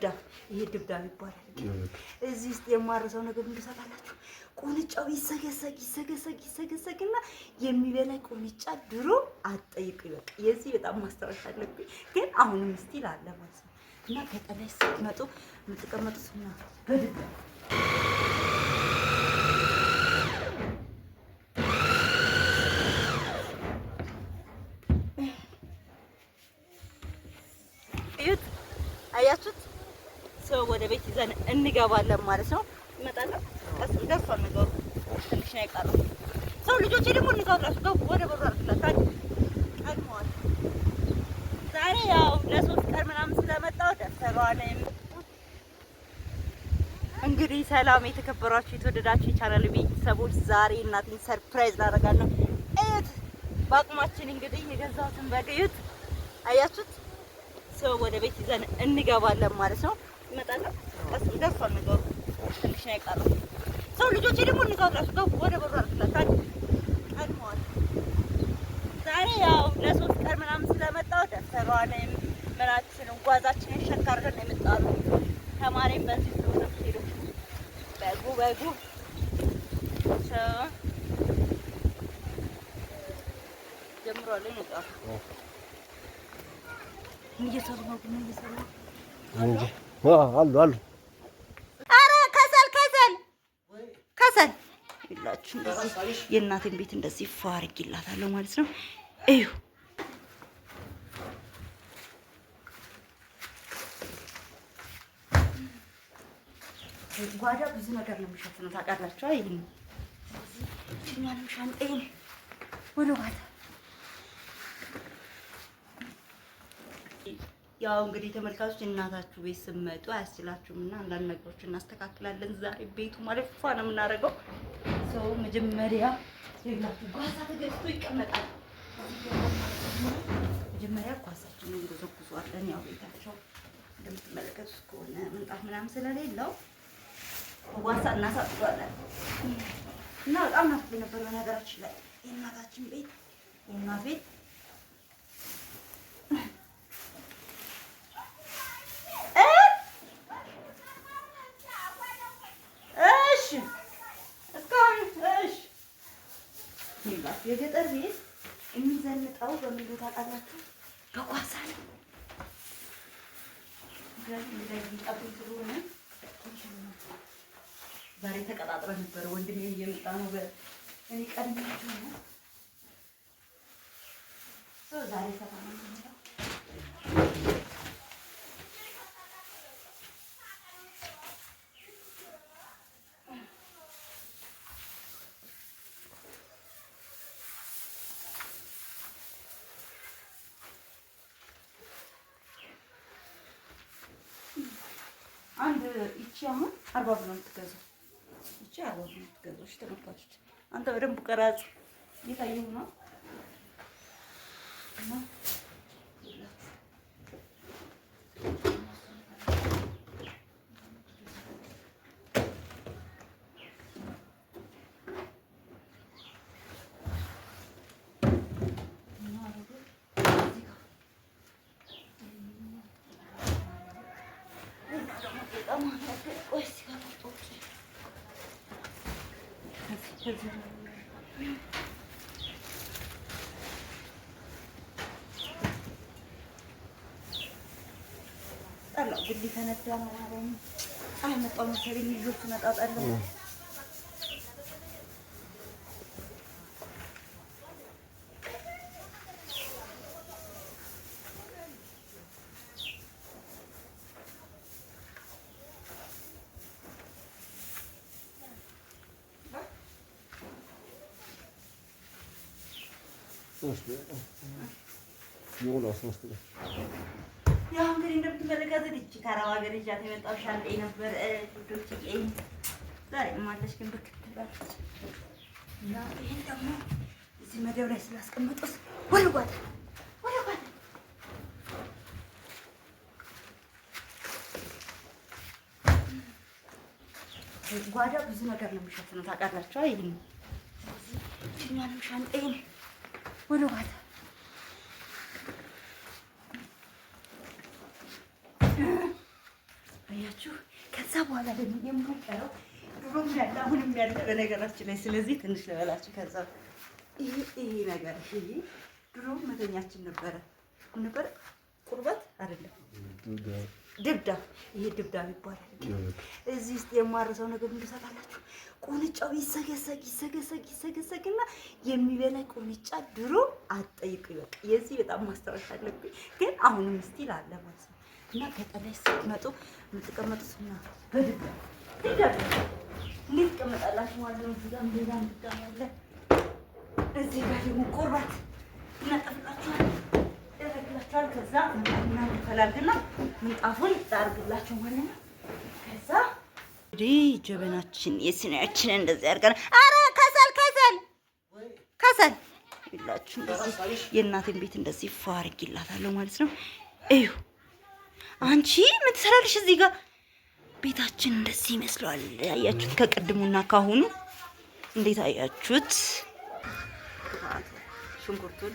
ድብዳብ ይሄ ድብዳብ ይባላል። እዚህ ውስጥ የማርሰው ነገር ምን ቁንጫው ይሰገሰግ ይሰገሰግ ይሰገሰግና የሚበላይ ቁንጫ ድሮ አትጠይቁ። ይበቃ የዚህ በጣም ማስታወሻ አለብኝ፣ ግን አሁንም ስቲል አለ ማለት ነው እና ስትመጡ የምትቀመጡት እና በድብዳብ ሰው ወደ ቤት ይዘን እንገባለን ማለት ነው። ይመጣለን። ቀስ ደርሷል ነገሩ ትንሽ ነው የቀረው። ሰው ልጆቼ ደግሞ እነዛው ገቡ ወደ በሩ አልኩላችሁ ቀድመዋል። ዛሬ ያው ለሶስት ቀን ምናምን ስለመጣሁ ደርሰዋል። እንግዲህ ሰላም የተከበራችሁ የተወደዳችሁ የቻናል ቤተሰቦች፣ ዛሬ እናቴን ሰርፕራይዝ ላደርጋለሁ። እዩት በአቅማችን እንግዲህ የገዛሁትን በግ እዩት፣ አያችሁት። ሰው ወደ ቤት ይዘን እንገባለን ማለት ነው። እመጣለሁ። ደርሷል ነገሩ፣ ትንሽ ነው የቀረው። ሰው ልጆቼ ደግሞ ወደ በሩ ቀድመዋል። ዛሬ ያው ለሶስት ቀን ምናምን ስለመጣሁ ደብተሯንም ምናችንን ጓዛችንን ሸካ ነው የመጣሁት። ተማሪም በዚህ ስለሆነ የምትሄደው በጉ በጉ ጀምሯል ነው አሉ አሉ። አረ ከሰል ከሰል ከሰል ይላችሁ። የእናቴን ቤት እንደዚህ ፋርግ አድርጌላታለሁ ማለት ነው። እዩ ጓዳ ብዙ ነገር ነው የሚሸፍነው ታውቃላችሁ አይደል? ወደ ጓዳ ያው እንግዲህ ተመልካቾች እናታችሁ ቤት ስመጡ አያስችላችሁም እና አንዳንድ ነገሮች እናስተካክላለን። ዛሬ ቤቱ ማለት ፋ ነው የምናደርገው። ሰው መጀመሪያ ሌላችሁ ጓሳ ተገዝቶ ይቀመጣል። መጀመሪያ ጓሳችንን እንጎዘጉዟለን። ያው ቤታቸው እንደምትመለከቱት ከሆነ ምንጣፍ ምናምን ስለሌለው ጓሳ እናሳጥሯለን እና በጣም ናፍቆኝ ነበር በነገራችን ላይ የእናታችን ቤት የእናት ቤት የገጠር ቤት የሚዘንጠው በምን ቦታ ታውቃላችሁ? በኳሳ ነው። ዛሬ ተቀጣጥረ ነበረ። ወንድሜ እየመጣ ነው። እኔ ቀድሜያቸው ነው ዛሬ ይቺ አሁን አርባ ብር ነው የምትገዛው። ይቺ አርባ ብር ነው የምትገዛው። እሺ ተመልካቾች፣ አንተ በደንብ ቀራጩ እየታየሁ ነው እና Aman o eski okey. ጠላው ግዲ ተነዳ ነው አሁን አመጣው መሰለኝ ልጆቹ መጣጣለሁ ያው እንግዲህ እንደምትመለከቱት እቺ ከአረብ ሀገር ይዣት የመጣው ሻንጣዬ ነበር። ዶችዬ ዛሬም አለች ግን ብክት እና ይሄን ደግሞ እዚህ መደብ ላይ ስላስቀመጡት ወደ ጓዳ ወደ ጓዳ ጓዳ ብዙ ነገር ነው የሚሸፍነው ታውቃላችሁ። ይሄን እችኛንም ሻንጣዬን ወደ ኋላ አያችሁ። ከዛ በኋላ ደግሞ የማይቀረው ድሮም ያለ አሁንም ያለ በነገራችን ላይ ስለዚህ ትንሽ ልበላችሁ። ከዛ ይሄ ነገር ይሄ ድሮም መተኛችን ነበረ ነበረ ቁርበት አይደለም ድብዳብ ይሄ ድብዳብ ይባላል። እዚህ ውስጥ የማረሰው ነገር ምን ትሰጣላችሁ? ቁንጫው ይሰገሰግ ይሰገሰግ ይሰገሰግ ይሰገሰግና የሚበላይ ቁንጫ ድሮ አጠይቅ ይበቃ የዚህ በጣም ማስታወሻ አለብኝ፣ ግን አሁንም ስቲል አለ ማለት ነው። እና ከጠላይ ስትመጡ የምትቀመጡት እና በድብዳብ ድብዳብ እንዴት ትቀመጣላችሁ ማለት ነው። እዚህ ጋር ድብዳብ አለ። እዚህ ጋር ደግሞ ቁራት እናጠፍቃችኋል ይበቃችኋል። ከዛ ተላግና ምንጣፉን ጣርግላችሁ ማለት ነው። ከዛ እንግዲህ ጀበናችን የሲኒያችን እንደዚህ ያርጋል። አረ ከሰል ከሰል ከሰል ይላችሁ እንደዚህ የእናቴን ቤት እንደዚህ ፋርግ ይላታለሁ ማለት ነው። እዩ አንቺ ምን ትሰራለሽ እዚህ ጋር? ቤታችን እንደዚህ ይመስለዋል። ያያችሁት ከቅድሙና ካሁኑ እንዴት አያችሁት? ሽንኩርቱን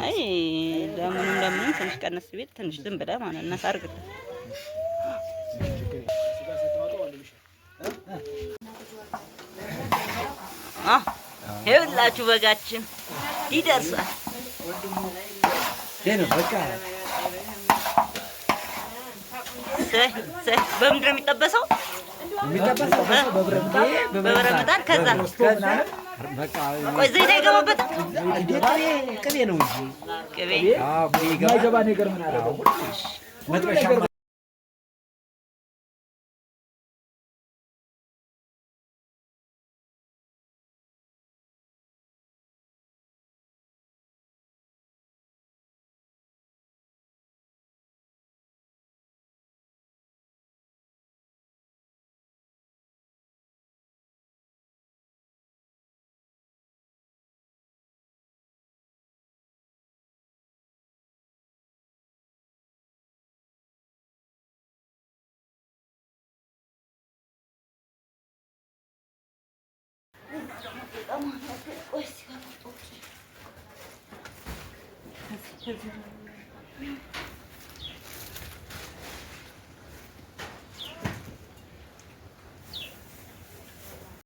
አይ ለምኑ ትንሽ ቀነስ ቤት ትንሽ ዝም ብለህ ማለት ነው አርግልህ ይኸውላችሁ በጋችን ይደርሳል። በምንድን ነው የሚጠበሰው? በብረት ምጣድ ከዛ ቅቤ ነው እንጂ Ось.